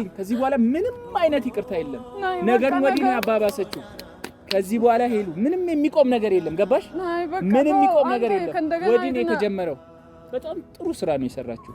ይኸውልህ ከዚህ በኋላ ምንም አይነት ይቅርታ የለም። ነገር ወዲህ አባባሰችው ያባባሰችው። ከዚህ በኋላ ሄሉ ምንም የሚቆም ነገር የለም። ገባሽ? ምንም የሚቆም ነገር የለም። ወዲህ የተጀመረው። በጣም ጥሩ ስራ ነው የሰራችው።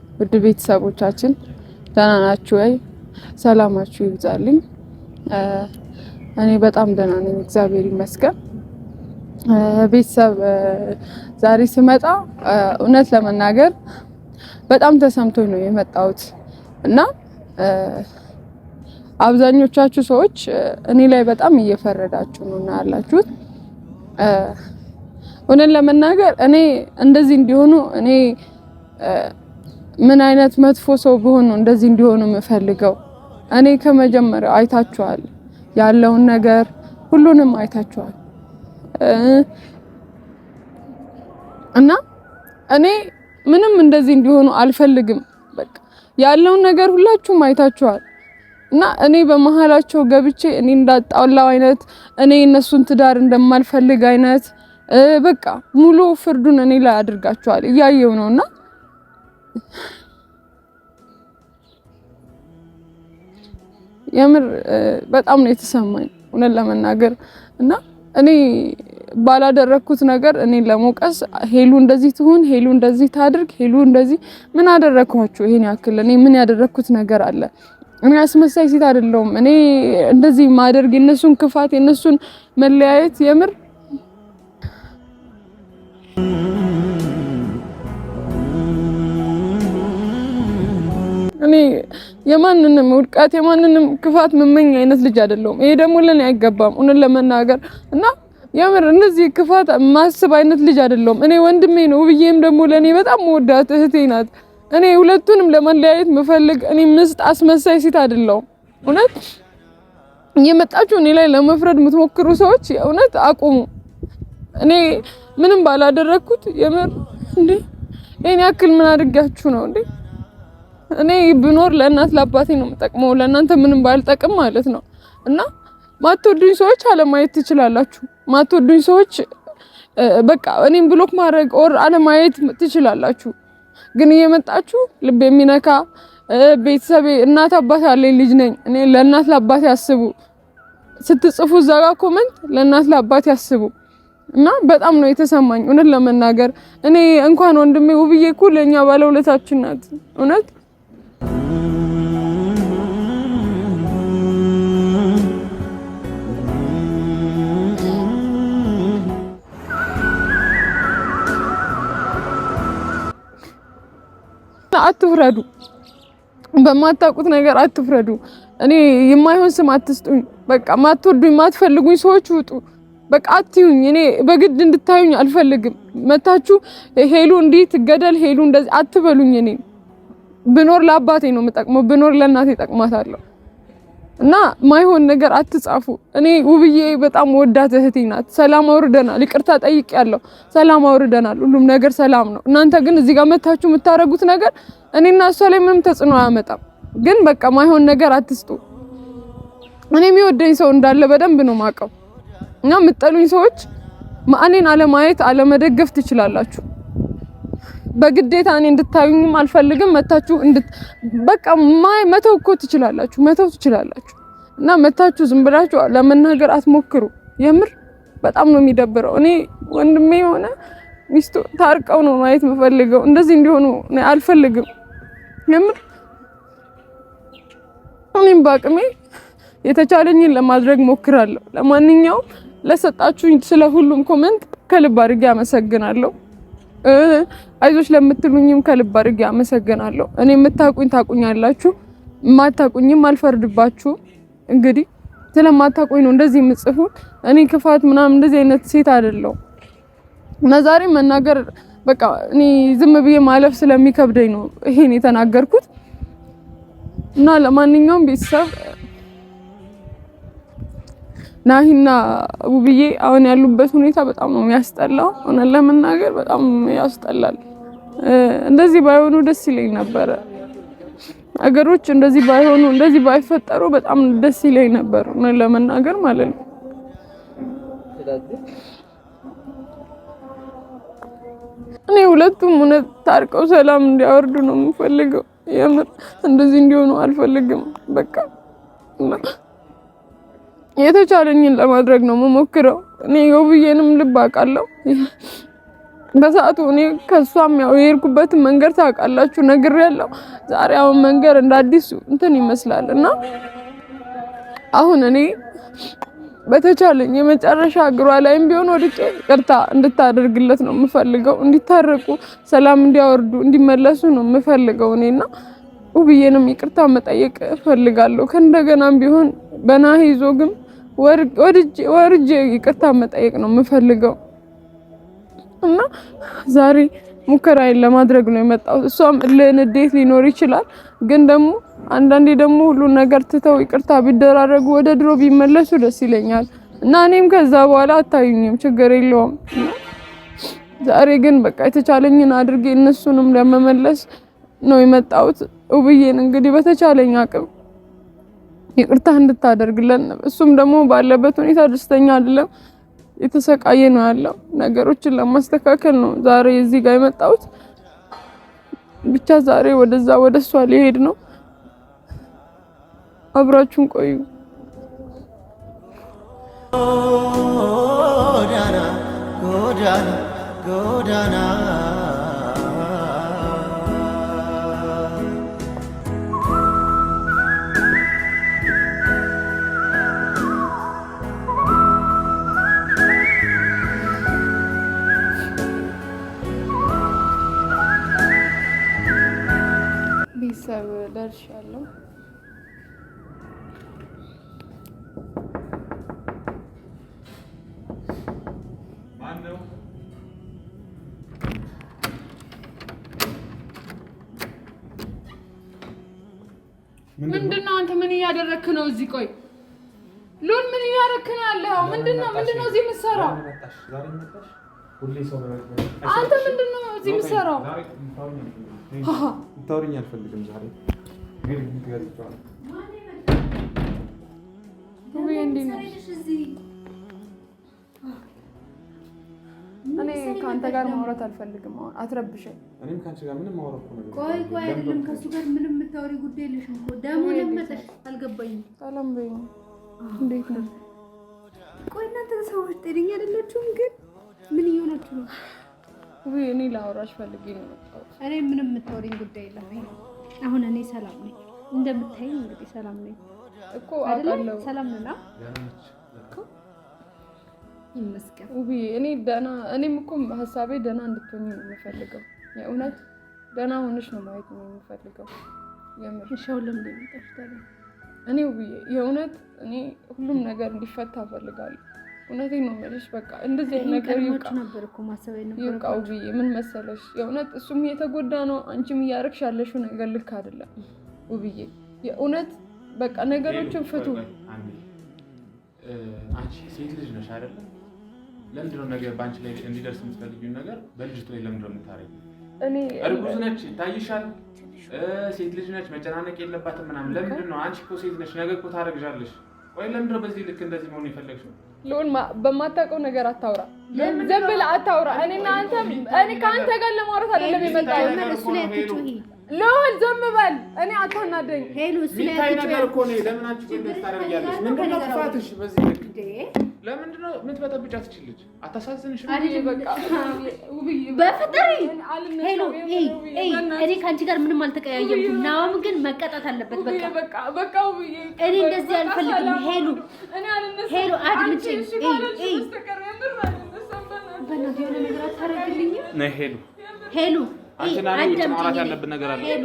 ውድ ቤተሰቦቻችን ደህና ናችሁ ወይ? ሰላማችሁ ይብዛልኝ። እኔ በጣም ደህና ነኝ፣ እግዚአብሔር ይመስገን። ቤተሰብ ዛሬ ስመጣ እውነት ለመናገር በጣም ተሰምቶኝ ነው የመጣሁት እና አብዛኞቻችሁ ሰዎች እኔ ላይ በጣም እየፈረዳችሁ ነው እና ያላችሁት እውነት ለመናገር እኔ እንደዚህ እንዲሆኑ እኔ ምን አይነት መጥፎ ሰው ቢሆን ነው እንደዚህ እንዲሆኑ የምፈልገው? እኔ ከመጀመሪያው አይታችኋል፣ ያለውን ነገር ሁሉንም አይታችኋል። እና እኔ ምንም እንደዚህ እንዲሆኑ አልፈልግም። በቃ ያለውን ነገር ሁላችሁም አይታችኋል። እና እኔ በመሀላቸው ገብቼ እኔ እንዳጣላው አይነት እኔ እነሱን ትዳር እንደማልፈልግ አይነት በቃ ሙሉ ፍርዱን እኔ ላይ አድርጋችኋል። እያየው ነውና የምር በጣም ነው የተሰማኝ እውነት ለመናገር እና እኔ ባላደረግኩት ነገር እኔ ለመውቀስ ሄሉ እንደዚህ ትሁን፣ ሄሉ እንደዚህ ታድርግ፣ ሄሉ እንደዚህ ምን አደረግኳችሁ? ይሄን ያክል እኔ ምን ያደረግኩት ነገር አለ? እኔ አስመሳይ ሴት አይደለሁም። እኔ እንደዚህ ማደርግ የነሱን ክፋት የነሱን መለያየት የምር እኔ የማንንም ውድቀት የማንንም ክፋት መመኝ አይነት ልጅ አይደለሁም። ይሄ ደግሞ ለኔ አይገባም እውነት ለመናገር እና የምር እንደዚህ ክፋት ማስብ አይነት ልጅ አይደለሁም። እኔ ወንድሜ ነው። ውብዬም ደግሞ ለኔ በጣም መወዳት እህቴ ናት። እኔ ሁለቱንም ለመለያየት መፈልግ እኔ ምስጥ አስመሳይ ሴት አይደለሁም። እውነት እየመጣችሁ እኔ ላይ ለመፍረድ የምትሞክሩ ሰዎች እውነት አቁሙ። እኔ ምንም ባላደረግኩት የምር እንዴ ይሄን ያክል ምን አድርጋችሁ ነው እንዴ? እኔ ብኖር ለእናት ለአባቴ ነው የምጠቅመው፣ ለእናንተ ምንም ባልጠቅም ማለት ነው። እና ማትወዱኝ ሰዎች አለማየት ትችላላችሁ። ማትወዱኝ ሰዎች በቃ እኔም ብሎክ ማድረግ ኦር አለማየት ትችላላችሁ። ግን እየመጣችሁ ልብ የሚነካ ቤተሰቤ እናት አባት ያለኝ ልጅ ነኝ እኔ ለእናት ለአባት ያስቡ ስትጽፉ እዛ ጋ ኮመንት ለእናት ለአባት ያስቡ እና በጣም ነው የተሰማኝ እውነት ለመናገር እኔ እንኳን ወንድሜ ውብዬ እኮ ለእኛ ባለውለታችን ናት እውነት አትፍረዱ። በማታውቁት ነገር አትፍረዱ። እኔ የማይሆን ስም አትስጡኝ። በቃ ማትወዱኝ፣ ማትፈልጉኝ ሰዎች ውጡ። በቃ አትዩኝ። እኔ በግድ እንድታዩኝ አልፈልግም። መታችሁ ሄሉ እንዲህ ትገደል፣ ሄሉ እንደዚህ አትበሉኝ። እኔ ብኖር ለአባቴ ነው የምጠቅመው፣ ብኖር ለእናቴ እጠቅማታለሁ። እና ማይሆን ነገር አትጻፉ። እኔ ውብዬ በጣም ወዳት እህቴ ናት። ሰላም አውርደናል፣ ይቅርታ ጠይቄያለሁ። ሰላም አውርደናል፣ ሁሉም ነገር ሰላም ነው። እናንተ ግን እዚህ ጋር መታችሁ የምታደርጉት ነገር እኔና እሷ ላይ ምንም ተጽዕኖ አያመጣም። ግን በቃ ማይሆን ነገር አትስጡ። እኔ የሚወደኝ ሰው እንዳለ በደንብ ነው ማቀው እና የምጠሉኝ ሰዎች እኔን አለማየት አለመደገፍ ትችላላችሁ። በግዴታ እኔ እንድታዩኝም አልፈልግም። መታችሁ እንድት በቃ ማይ መተው እኮ ትችላላችሁ፣ መተው ትችላላችሁ። እና መታችሁ ዝም ብላችሁ ለመናገር አትሞክሩ። የምር በጣም ነው የሚደብረው። እኔ ወንድሜ የሆነ ሚስቱ ታርቀው ነው ማየት የምፈልገው። እንደዚህ እንዲሆኑ አልፈልግም። የምር እኔም በአቅሜ የተቻለኝን ለማድረግ ሞክራለሁ። ለማንኛውም ለሰጣችሁኝ ስለ ሁሉም ኮመንት ከልብ አድርጌ አመሰግናለሁ። አይዞች ለምትሉኝም ከልብ አድርጌ አመሰግናለሁ። እኔ የምታቁኝ ታቁኛላችሁ፣ የማታቁኝም አልፈርድባችሁ እንግዲህ ስለማታቁኝ ነው እንደዚህ የምጽፉ። እኔ ክፋት ምናምን እንደዚህ አይነት ሴት አይደለሁም እና ዛሬ መናገር በቃ እኔ ዝም ብዬ ማለፍ ስለሚከብደኝ ነው ይሄን የተናገርኩት እና ለማንኛውም ቤተሰብ ናሂና ውብዬ አሁን ያሉበት ሁኔታ በጣም ነው የሚያስጠላው። እውነት ለመናገር በጣም ያስጠላል። እንደዚህ ባይሆኑ ደስ ይለኝ ነበረ። ነገሮች እንደዚህ ባይሆኑ እንደዚህ ባይፈጠሩ በጣም ደስ ይለኝ ነበር፣ እውነት ለመናገር ማለት ነው። እኔ ሁለቱም እውነት ታርቀው ሰላም እንዲያወርዱ ነው የምፈልገው። የምር እንደዚህ እንዲሆኑ አልፈልግም። በቃ የተቻለኝን ለማድረግ ነው የምሞክረው። እኔ ውብዬንም ልብ አውቃለሁ። በሰዓቱ እኔ ከሷም ያው የሄድኩበትን መንገድ ታውቃላችሁ ነግሬያለሁ። ዛሬ አሁን መንገድ እንደ አዲስ እንትን ይመስላል እና አሁን እኔ በተቻለኝ የመጨረሻ እግሯ ላይም ቢሆን ወድቄ ቅርታ እንድታደርግለት ነው የምፈልገው። እንዲታረቁ፣ ሰላም እንዲያወርዱ፣ እንዲመለሱ ነው የምፈልገው እኔና ውብዬንም ይቅርታ መጠየቅ እፈልጋለሁ። ከእንደገናም ቢሆን በናሂ ይዞ ግን ወርጄ ይቅርታ መጠየቅ ነው የምፈልገው እና ዛሬ ሙከራዬን ለማድረግ ነው የመጣሁት። እሷም ልንዴት ሊኖር ይችላል፣ ግን ደግሞ አንዳንዴ ደግሞ ሁሉን ነገር ትተው ይቅርታ ቢደራረጉ ወደ ድሮ ቢመለሱ ደስ ይለኛል እና እኔም ከዛ በኋላ አታዩኝም፣ ችግር የለውም። ዛሬ ግን በቃ የተቻለኝን አድርጌ እነሱንም ለመመለስ ነው የመጣሁት። ውብዬን እንግዲህ በተቻለኝ አቅም ይቅርታ እንድታደርግለን እሱም ደግሞ ባለበት ሁኔታ ደስተኛ አይደለም፣ የተሰቃየ ነው ያለው። ነገሮችን ለማስተካከል ነው ዛሬ እዚህ ጋር የመጣሁት። ብቻ ዛሬ ወደዛ ወደሷ ሊሄድ ነው። አብራችሁን ቆዩ። ጎዳና ጎዳና ጎዳና ምንድነው? አንተ ምን እያደረክ ነው እዚህ? ቆይ ሉል ምን እያደረክ ነው ያለው? ምንድነው? ምንድነው እዚህ የምትሰራው? አንተ ምንድነው እዚህ የምትሰራው? ታውሪኝ አልፈልግም ዛሬ ግን እንዴት ነው እኔ ከአንተ ጋር ማውራት አልፈልግም። አሁን አትረብሸኝ። እኔም ከአንቺ ጋር ምንም ማውራት ነገር ቆይ ቆይ፣ አይደለም ከሱ ጋር ምንም የምታወሪ ጉዳይ የለሽም እኮ ደግሞ ለመጠሽ አልገባኝም። ሰላም በይኝ። እንዴት ነው? ቆይ እናንተ ሰዎች ጤነኛ አይደላችሁም። ግን ምን እየሆናችሁ ነው? ውይ እኔ ላወራሽ ፈልጌ ነው የመጣሁት። እኔ ምንም የምታወሪኝ ጉዳይ የለም። አሁን እኔ ሰላም ነኝ፣ እንደምታይኝ እንግዲህ ሰላም ነኝ እኮ አይደለም። ሰላም ነና እኮ ይመስገን ውብዬ። እኔ ደህና እኔም እኮ ሀሳቤ ደህና እንድትሆኝ ነው የምፈልገው። የእውነት ደህና ሆነሽ ነው ማየት ነው የምፈልገው። እኔ ውብዬ የእውነት እኔ ሁሉም ነገር እንዲፈታ እፈልጋለሁ። እውነቴን ነው የምልሽ። በቃ እንደዚህ ነገር ይብቃ ውብዬ። ምን መሰለሽ የእውነት እሱም የተጎዳ ነው፣ አንቺም እያደረግሽ ያለሽው ነገር ልክ አይደለም ውብዬ። የእውነት በቃ ነገሮችን ፍቱ። አንቺ ሴት ልጅ ነሽ አይደለም ለምንድነው ነገር በአንቺ ላይ እንዲደርስ የምትፈልጊውን ነገር በልጅቱ ላይ ለምንድነው የምታረጊው? እርጉዝ ነች፣ ታይሻል፣ ሴት ልጅ ነች፣ መጨናነቅ የለባትም ምናምን። ለምንድን ነው አንቺ እኮ ሴት ነች፣ ነገ እኮ ታረግዣለሽ። ወይ ለምንድነው በዚህ ልክ እንደዚህ መሆን የፈለግሽው? ልዑል በማታውቀው ነገር አታውራ፣ ዝም ብለህ አታውራ። እኔና አንተ እኔ ከአንተ ጋር ለማውራት አይደለም የመጣሁት። ልዑል ዝም በል፣ እኔ አታናደኝ። ሄሉ ስለታይ ነገር እኮ ነው። ለምን አንቺ ምንድነው ጥፋትሽ በዚህ ልክ ለምንድን ነው የምትበጠብጫት? ይህች ልጅ አታሳዝንሽም? በፍጥሪ ሄሎ፣ እኔ ከአንቺ ጋር ምንም አልተቀያየምኩም። ናሆም ግን መቀጣት አለበት። በቃ እኔ እንደዚህ አልፈልግም። ሄሎ ሄሎ፣ አድምጪኝ። በእናትህ የሆነ ነገር አታረግልኝም? ሄሉ ሄሉ፣ አንቺ እና እኔ ማውራት ያለብን ነገር አለ። ሄሉ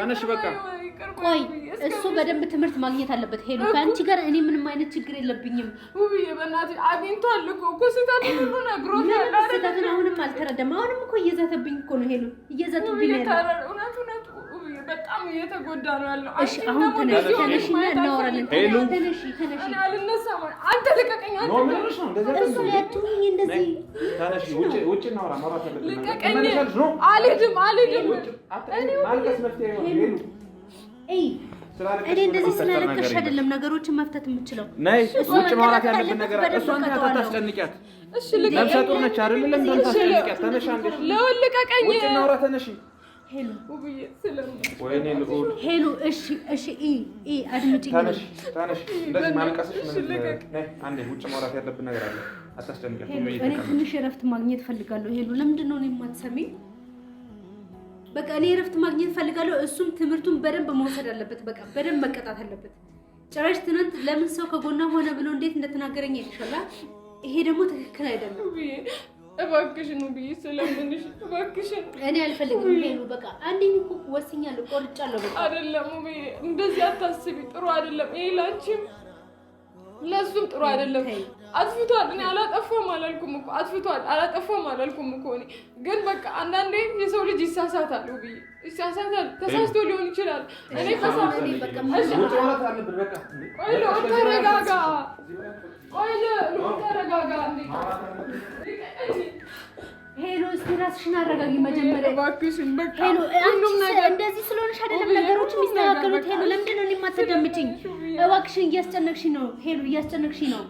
ተነሽ፣ በቃ ቆይ እሱ በደንብ ትምህርት ማግኘት አለበት። ሄሎ ከአንቺ ጋር እኔ ምንም አይነት ችግር የለብኝም። ውብዬ በእናትሽ አግኝቷል እኮ እኮ ስህተቱን ሁሉ ነግሮታል። ስህተቱን አሁንም አልተረዳም። አሁንም እኮ እየዘተብኝ እኮ ነው ሄሎ፣ እየዘተብኝ ነው በጣም እየተጎዳ ነው ያለው። እሺ አሁን ተነሽ፣ እና እናወራለን። ተነሽ፣ ተነሽ። አልነሳም። አንተ ልቀቀኝ። አንተ እሱ ያቱኝ እንደዚህ ተነሽ፣ ውጭ ውጭ እናወራ። ማውራት አለብን። ልቀቀኝ። አልሄድም፣ አልሄድም። እኔ ማልቀስ መፍትሄ ነው ሄሎ እኔ እንደዚህ ስላለቀሽ አይደለም ነገሮችን መፍታት የምችለው። ናይ ውጭ ማውራት ያለብን ነገር አለ። እሷን ታስጨንቂያት። እሺ ነፍሰ ጡር ነች አይደል? ለምን ታስጨንቂያት? ተነሽ አንዴ ለወልቀቀኝ። ውጭ እናውራ። ተነሽ ሄሉ ወይኔ ልዑል ሄሉ። እሺ እሺ፣ ኢ ኢ አድምጪኝ። ተነሽ ተነሽ፣ እንደዚህ ማልቀስሽ አንዴ። ውጭ ማውራት ያለብን ነገር አለ። አታስጨንቂያት። እኔ ትንሽ እረፍት ማግኘት እፈልጋለሁ። ሄሉ ለምንድን ነው እኔ የማትሰሚኝ? በቃ እኔ እረፍት ማግኘት ፈልጋለሁ። እሱም ትምህርቱን በደንብ መውሰድ አለበት። በቃ በደንብ መቀጣት አለበት። ጭራሽ ትናንት ለምን ሰው ከጎና ሆነ ብሎ እንዴት እንደተናገረኝ ይሻላ። ይሄ ደግሞ ትክክል አይደለም። እባክሽን ብዬ ስለምንሽ እባክሽን፣ እኔ አልፈልግም። ሄሉ በቃ አንዴኝ እኮ ወስኛለሁ፣ ቆርጫለሁ። በቃ አይደለም ብዬ እንደዚህ አታስቢ፣ ጥሩ አይደለም። ይሄ ላንቺም ለእሱም ጥሩ አይደለም። አጥፍቷል። እኔ አላጠፋም አላልኩም እኮ አጥፍቷል፣ አላጠፋም አላልኩም እኮ እኔ ግን በቃ አንዳንዴ የሰው ልጅ ይሳሳታል፣ ውብዬ ይሳሳታል። ተሳስቶ ሊሆን ይችላል። እኔ ተረጋጋ፣ ተረጋጋ። ሄሎ እስኪ እራስሽን አረጋጊ መጀመሪያ ሄሎ ሁሉም ነገር እንደዚህ ስለሆነሽ አይደለም ነገሮች የሚስተካከሉት። ሄሎ ለምንድን ነው እኔ የማታዳምጪኝ? እባክሽን እያስጨነቅሽኝ ነው ሄሉ፣ እያስጨነቅሽኝ ነው።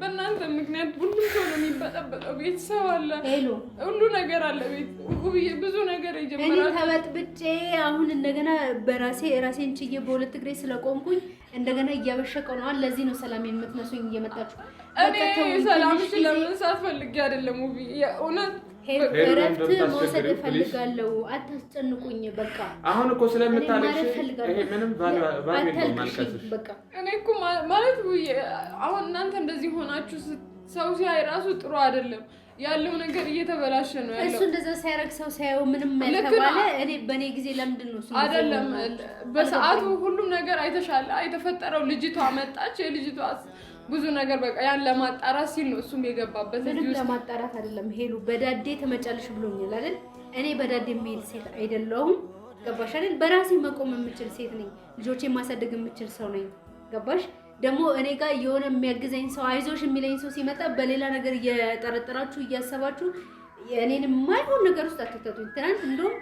በእናንተ ምክንያት ሁሉም ሰው ነው የሚበጠበጠው። ቤተሰብ አለ፣ ሄሉ፣ ሁሉ ነገር አለ። ቤት ብዙ ነገር የጀመረ እኔ ተበጥብጬ አሁን እንደገና በራሴ ራሴን ችዬ በሁለት እግሬ ስለቆምኩኝ እንደገና እያበሸቀ ነዋል። ለዚህ ነው ሰላም የምትነሱኝ እየመጣችሁ። እኔ ሰላምሽ ለምን ፈልጌ አይደለም ውብዬ እውነት እረፍት መውሰድ እፈልጋለሁ። አታስጨንቁኝ። በቃ አሁን እኮ ስለምታለቅሽ ምንም እኔ እኮ ማለት አሁን እናንተ እንደዚህ ሆናችሁ ሰው ሲያይ ራሱ ጥሩ አይደለም። ያለው ነገር እየተበላሸ ነው ያለው። እሱ እንደዛ ሳያረግ ሰው ሳየው ምንም ያልተባለ እኔ በእኔ ጊዜ ለምንድን ነው አይደለም። በሰዓቱ ሁሉም ነገር አይተሻለ። የተፈጠረው ልጅቷ መጣች የልጅቷ ብዙ ነገር በቃ ያን ለማጣራት ሲል ነው እሱም የገባበት። ምንም ለማጣራት አይደለም ሄሉ፣ በዳዴ ተመጫለሽ ብሎኛል አይደል? እኔ በዳዴ የሚሄድ ሴት አይደለሁም። ገባሽ አይደል? በራሴ መቆም የምችል ሴት ነኝ። ልጆቼ ማሳደግ የምችል ሰው ነኝ። ገባሽ? ደግሞ እኔ ጋር የሆነ የሚያግዘኝ ሰው አይዞሽ የሚለኝ ሰው ሲመጣ በሌላ ነገር እየጠረጠራችሁ እያሰባችሁ እኔን የማይሆን ነገር ውስጥ አትተቱኝ። ትናንት እንደውም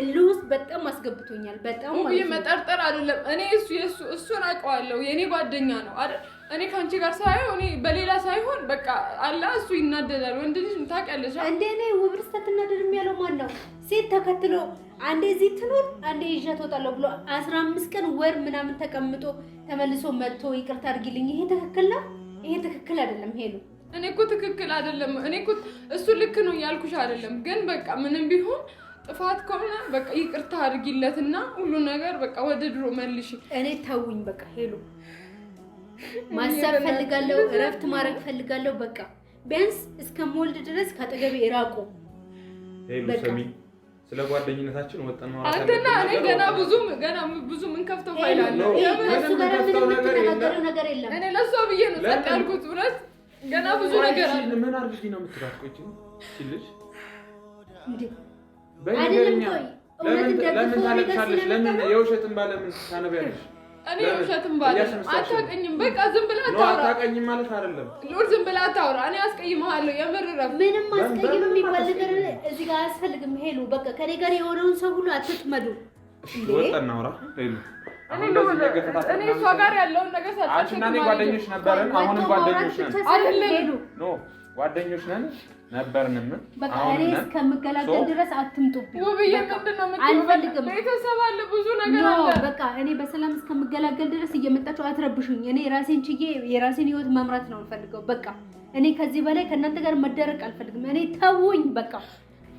እልህ ውስጥ በጣም አስገብቶኛል። በጣም መጠርጠር አይደለም እኔ እሱ እሱን አውቀዋለሁ። የእኔ ጓደኛ ነው አይደል እኔ ከአንቺ ጋር ሳየው እኔ በሌላ ሳይሆን በቃ አለ እሱ ይናደዳል። ወንድ ልጅ ታውቂያለሽ። እንደ እኔ ውብር ስትናደድ የሚያለው ያለው ማን ነው? ሴት ተከትሎ አንዴ እዚህ ትኖር አንዴ ይዣት እወጣለሁ ብሎ አስራ አምስት ቀን ወር ምናምን ተቀምጦ ተመልሶ መጥቶ ይቅርታ አድርጊልኝ፣ ይሄ ትክክል ነው፣ ይሄ ትክክል አይደለም ሄሉ እኔ እኮ ትክክል አይደለም። እኔ እኮ እሱ ልክ ነው እያልኩሽ አይደለም፣ ግን በቃ ምንም ቢሆን ጥፋት ከሆነ በቃ ይቅርታ አድርጊለትና ሁሉ ነገር በቃ ወደ ድሮ መልሽ። እኔ ታውኝ በቃ ሄሉ ማሰብ ፈልጋለሁ፣ እረፍት ማድረግ ፈልጋለሁ። በቃ ቢያንስ እስከ ሞልድ ድረስ ከአጠገቤ ራቁ። ስለ ጓደኝነታችን ወጣን ማለት አንተና እኔ ገና ብዙ ገና ብዙ ምን ከፍተው ፋይል አለ። እሱ ጋር ምንም የምትነጋገረው ነገር የለም። እኔ ለእሷ ብዬ ነው ጸጥ ያልኩት። እውነት ገና ብዙ ነገር አለ። ምን አድርጊ ነው የምትላት? ቆይ ሲልሽ አይደለም። ቆይ እውነት እንደዚህ ለምን ታለቅሻለሽ? ለምን የውሸትን ባለምን ታነቢያለሽ? እኔ ውሸትም ባለ አታውቀኝም። በቃ ዝም ብለህ አታውራ። አታውቀኝም ማለት አይደለም ኑር። ዝም ብለህ አታውራ። እኔ አስቀይምሃለሁ። የምር እረፍት ምንም አስቀይም የሚባል ነገር እዚህ ጋር አያስፈልግም። ሄሉ በቃ ከኔ ጋር የሆነውን ሰው ሁሉ አትጥመዱ። ወጣ እናውራ ሄሉ እኔ እሷ ጋር ያለውን ነገር ሳታውቅ እኔ ጓደኞች ነበርን። አሁንም ጓደኞች ነን አይደለም ጓደኞች ነን ነበርንም። በቃ እኔ እስከምገላገል ድረስ አትምጡብኝ። ውብዬ ምንድን ነው አልፈልግም። ቤተሰብ አለ፣ ብዙ ነገር አለ። በቃ እኔ በሰላም እስከምገላገል ድረስ እየመጣችሁ አትረብሹኝ። እኔ ራሴን ችዬ የራሴን ህይወት መምራት ነው የምፈልገው። በቃ እኔ ከዚህ በላይ ከእናንተ ጋር መደረቅ አልፈልግም። እኔ ተውኝ በቃ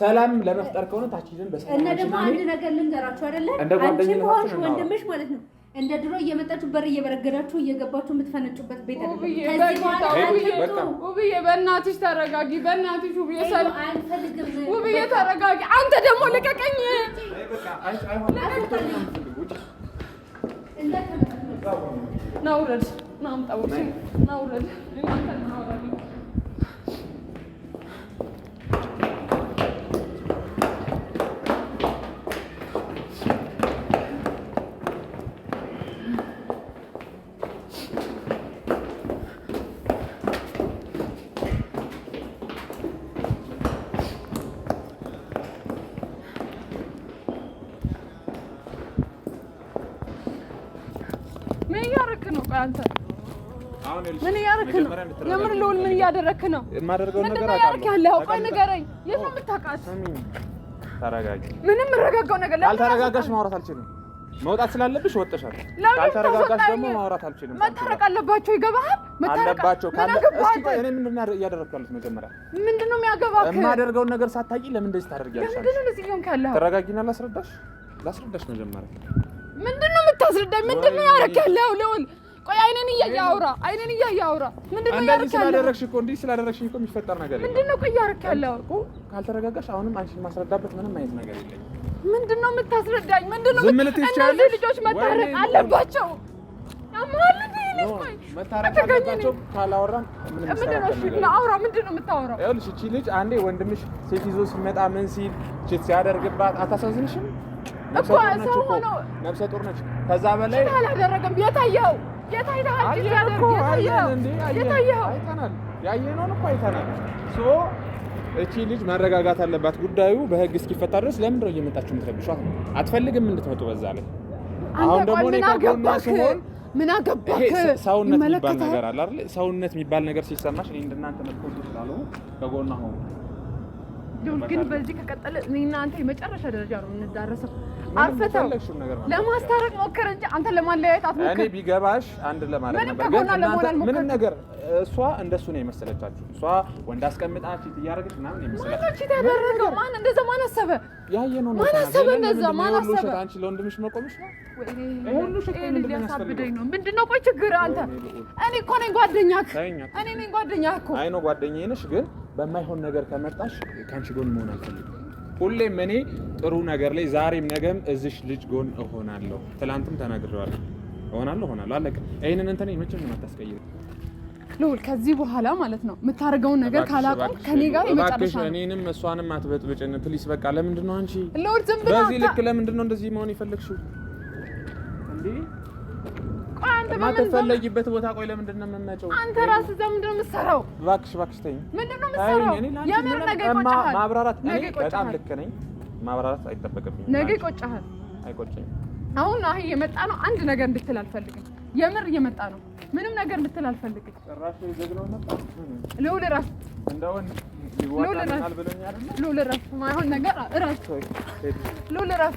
ሰላም ለመፍጠር ከሆነ ታች ይዘን በሰላም እና ደግሞ አንድ ነገር ልንገራችሁ አይደለ? አንቺም ሆንሽ ወንድምሽ ማለት ነው እንደ ድሮ እየመጣችሁ በር እየበረገዳችሁ እየገባችሁ የምትፈነጩበት ቤት ውብዬ፣ በእናትሽ ተረጋጊ። በእናትሽ ውብዬ ተረጋጊ። አንተ ደግሞ ልቀቀኝ። ና ውረድ፣ ና አምጣ፣ ና ውረድ። የምር ልውል ምን እያደረክ ነው? የማደርገው ነገር አውቃለሁ። ያለው ቆይ ንገረኝ። የት ነው የምታውቃት? ተረጋጊ። ምንም የምረጋጋው ነገር ለምን? ካልተረጋጋሽ ማውራት አልችልም። መውጣት ስላለብሽ ወጥተሻል። ካልተረጋጋሽ ደግሞ ማውራት አልችልም። መታረቅ አለባቸው። ይገባሃል? አለባቸው እኔ ምንድን ነው እያደረግኩ ያለሁት? መጀመሪያ ምንድን ነው የሚያገባህ? የማደርገውን ነገር ሳታቂ ለምን እንደዚህ ታደርጊያለሽ? ተረጋጊና ላስረዳሽ፣ ላስረዳሽ። መጀመሪያ ምንድን ነው የምታስረዳኝ? ምንድን ነው ያደረክ ያለው ልውል ቆይ አይኔን እያየ አውራ። አይኔን እያየ አውራ። ምንድን ነው ያደረግሽ? ስላደረግሽ እኮ እንዲህ ስላደረግሽኝ እኮ የሚፈጠር ነገር የለም። ምንድን ነው ቆይ ያደረግሽ ያለው ካልተረጋጋሽ፣ አሁንም አንቺን ማስረዳበት ምንም አይነት ነገር የለኝም። ምንድን ነው የምታስረዳኝ? ምንድን ነው እነዚህ ልጆች መታረቅ አለባቸው። ይኸውልሽ አንዴ ወንድምሽ ሴት ይዞ ሲመጣ ምን ሲል ሴት ሲያደርግባት አታሳዝንሽም? ነብሰ ጡር ነች። ከዛ በላይ አላደረገም የታየው ያየነውን እኮ አይተናል። እቺ ልጅ መረጋጋት አለባት። ጉዳዩ በህግ እስኪፈታ ድረስ ለምንድን ነው እየመጣችሁ የምትረብሿት? አትፈልግም እንድትመጡ በዛ ላይ አሁን ደግሞ እኔ ከጎኗ ስሆን ምን አገባህ? ሰውነት የሚባል ነገር አለ አይደል? ሰውነት የሚባል ነገር ሲሰማሽ እኔ እንደናንተ መጥፎ ስላልሆኑ ከጎኗ ሆኑ ግን በዚህ ከቀጠለ እኔና አንተ የመጨረሻ ደረጃ ነው የምንዳረሰው። አርፈተው ለማስታረቅ ሞከር እንጂ አንተ ለማለያየት አትሞክር። እኔ ቢገባሽ አንድ ለማለት ምንም ነገር እሷ እንደሱ ነው የመሰለቻችሁ። እሷ ወንድ አስቀምጣ ቺት እያደረገች ምናምን የመሰለቻችሁ። ያደረገው ማን? እንደዛ ማን አሰበ? ያየ ነው ማን አሰበ? እንደዛ ማን አሰበ? አንቺ ለወንድምሽ መቆምሽ ነው ሊያሳብደኝ ነው። ምንድን ቆይ ችግር አንተ? እኔ እኮ ነኝ ጓደኛህ። እኔ ነኝ ጓደኛህ እኮ። አይ ነው ጓደኛዬ ነሽ ግን በማይሆን ነገር ከመጣሽ ከአንቺ ጎን መሆን አልፈልግም። ሁሌም እኔ ጥሩ ነገር ላይ ዛሬም ነገም እዚሽ ልጅ ጎን እሆናለሁ። ትላንትም ተናግረዋል እሆናለሁ እሆናለሁ አለቀ። ይህንን እንትን መቼም ነው የማታስቀይር ልውል ከዚህ በኋላ ማለት ነው የምታደርገውን ነገር ካላቆም ከኔ ጋር የመጨረሻ እኔንም እሷንም አትበጥብጭን ፕሊስ። በቃ ለምንድን ነው አንቺ ልውል ዝም ብላ በዚህ ልክ ለምንድን ነው እንደዚህ መሆን የፈለግሽው እንዴ? የማትፈለጊበት ቦታ ቆይ፣ ለምንድን ነው የምትመጪው? አንተ ራስህ እዛ ምንድን ነው የምትሰራው? እባክሽ እባክሽ ተይኝ። ምንድን ነው የምትሰራው? የምር ነገ ይቆጭሃል። ማብራራት እኔ በጣም ልክ ነኝ። ማብራራት አይጠበቅብኝም። ነገ ይቆጭሃል። አይቆጭኝም። አሁን አሁን የመጣ ነው አንድ ነገር እንድትል አልፈልግም። የምር እየመጣ ነው ምንም ነገር እንድትል አልፈልግም። ጭራሽ ዘግነው መጣ። ልውል እራስ እንደው ልውል እራስ ልውል እራስ ማይሆን ነገር እራስ ልውል እራስ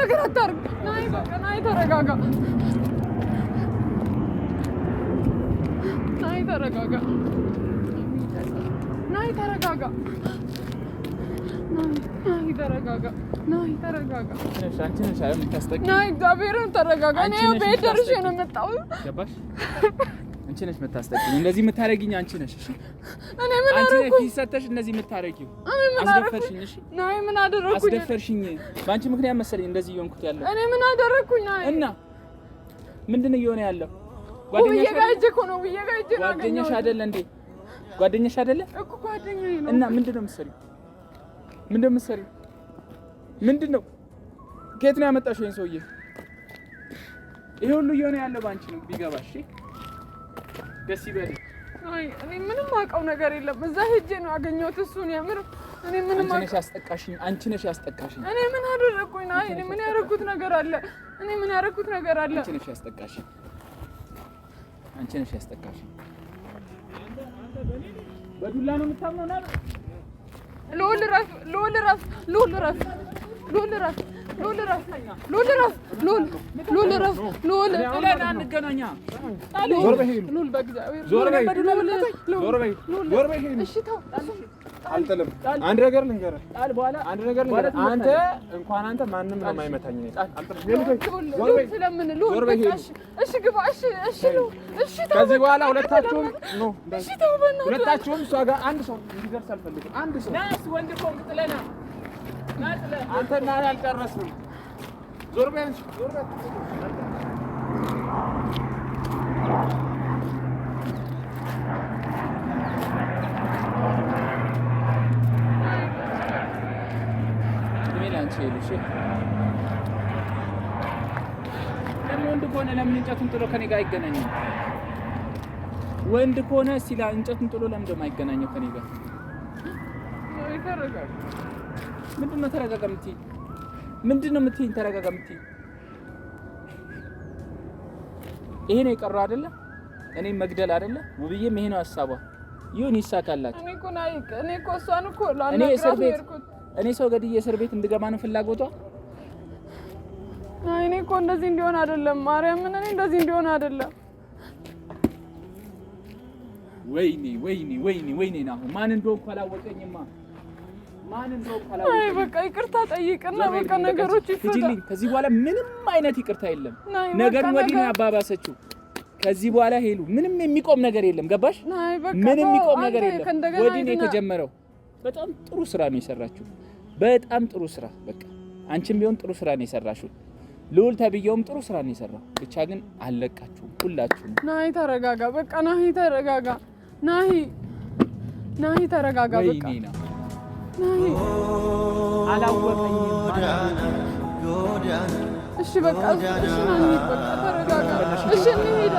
ነገር አታርግ። ናይ በቃ ናይ ተረጋጋ፣ ናይ ተረጋጋ፣ ናይ ተረጋጋ፣ ናይ ተረጋጋ፣ ናይ ተረጋጋ። ናይ እግዚአብሔርን ተረጋጋ። እኔ ቤት ደርሼ ነው የመጣሁት። አንቺ ነሽ የምታስጠቂኝ። እንደዚህ የምታረጊኝ አንቺ ነሽ። እሺ እኔ ምን አደረኩ? አንቺ ሰተሽ እንደዚህ የምታረጊው አስደፈርሽኝ። እሺ ናይ ምን አደረኩኝ? አስደፈርሽኝ። በአንቺ ምክንያት መሰለኝ እንደዚህ እየሆንኩት ያለው። እኔ ምን አደረኩኝ? ናይ እና ምንድን እየሆነ ያለው? ጓደኛሽ ጋጅ እኮ ነው። ይጋጅ ነው። ጓደኛሽ አይደለ እንዴ? ጓደኛሽ አይደለ እኮ ጓደኛዬ ነው። እና ምንድን ነው የምትሰሪው? ምንድን ነው የምትሰሪው? ምንድን ነው ከየት ነው ያመጣሽው? ይሄን ሰውዬ ይሄ ሁሉ እየሆነ ያለው በአንቺ ነው ቢገባሽ። እሺ ደስ ይበል። እኔ ምንም አውቀው ነገር የለም። እዛ ሄጄ ነው አገኘሁት እሱን። የምር እኔ ምንም አንቺ ነሽ ያስጠቃሽኝ፣ አንቺ ነሽ ያስጠቃሽኝ። እኔ ምን አደረኩኝ? ና እኔ ምን ያደረኩት ነገር አለ? እኔ ምን ያደረኩት ነገር አለ? አንቺ ነሽ ያስጠቃሽኝ፣ አንቺ ነሽ ያስጠቃሽኝ። በዱላ ነው የምታምነው? ልዑል እረፍ፣ ልዑል እረፍ፣ ልዑል እረፍ፣ ልዑል እረፍ አንድ ነገር ልንገርህ፣ አንድ ነገር ልንገርህ። አንተ እንኳን አንተ ማንም ነው የማይመታኝ። ከዚህ በኋላ ሁለታችሁም ሁለታችሁም እሷ ጋር አንድ ሰው እንዲደርስ አልፈልግም። አንድ ሰው አንተና አልጨረስንም። ዞር በይ እንጂ ዞር ወንድ ከሆነ ለምን እንጨቱን ጥሎ ከኔ ጋር አይገናኝም? ወንድ ከሆነ ሲላ እንጨቱን ጥሎ ለምን ደግሞ አይገናኘው ከኔ ጋር? ምንድን ነው ተረጋጋ የምትይኝ? ምንድን ነው የምትይኝ? ተረጋጋ የምትይኝ? ይሄ ነው የቀረው አይደለ? እኔ መግደል አይደለ? ውብዬም ይሄ ነው ሀሳቧ። ይሁን ይሳካላችሁ። እኔ ሰው ገድዬ እስር ቤት እንድገባ ነው ፍላጎቷ። እኔ እኮ እንደዚህ እንዲሆን አይደለም ማርያምን፣ እኔ እንደዚህ እንዲሆን አይደለም። ወይኔ ወይኔ ወይኔ ወይኔ ናሁ ማን እንደሆንኩ አላወቀኝማ። አይ በቃ ይቅርታ ጠይቅና በቃ ነገሮች ይፈታ። ከዚህ በኋላ ምንም አይነት ይቅርታ የለም። ነገሩን ወዲህ ነው ያባባሰችው። ከዚህ በኋላ ሄሉ ምንም የሚቆም ነገር የለም። ገባሽ? ምንም የሚቆም ነገር የለም። ወዲህ ነው የተጀመረው። በጣም ጥሩ ስራ ነው የሰራችው። በጣም ጥሩ ስራ። በቃ አንቺም ቢሆን ጥሩ ስራ ነው የሰራሽው። ልዑል ተብዬውም ጥሩ ስራ ነው የሰራው። ብቻ ግን አልለቃችሁም ሁላችሁም። ናሂ ተረጋጋ፣ በቃ ናሂ ተረጋጋ፣ ናሂ ናሂ ተረጋጋ በቃ አላወቀኝም ማለት ነው። እሺ በቃ እሺ፣ ናኒ በቃ ተረጋጋ። እሺ እንሂዳ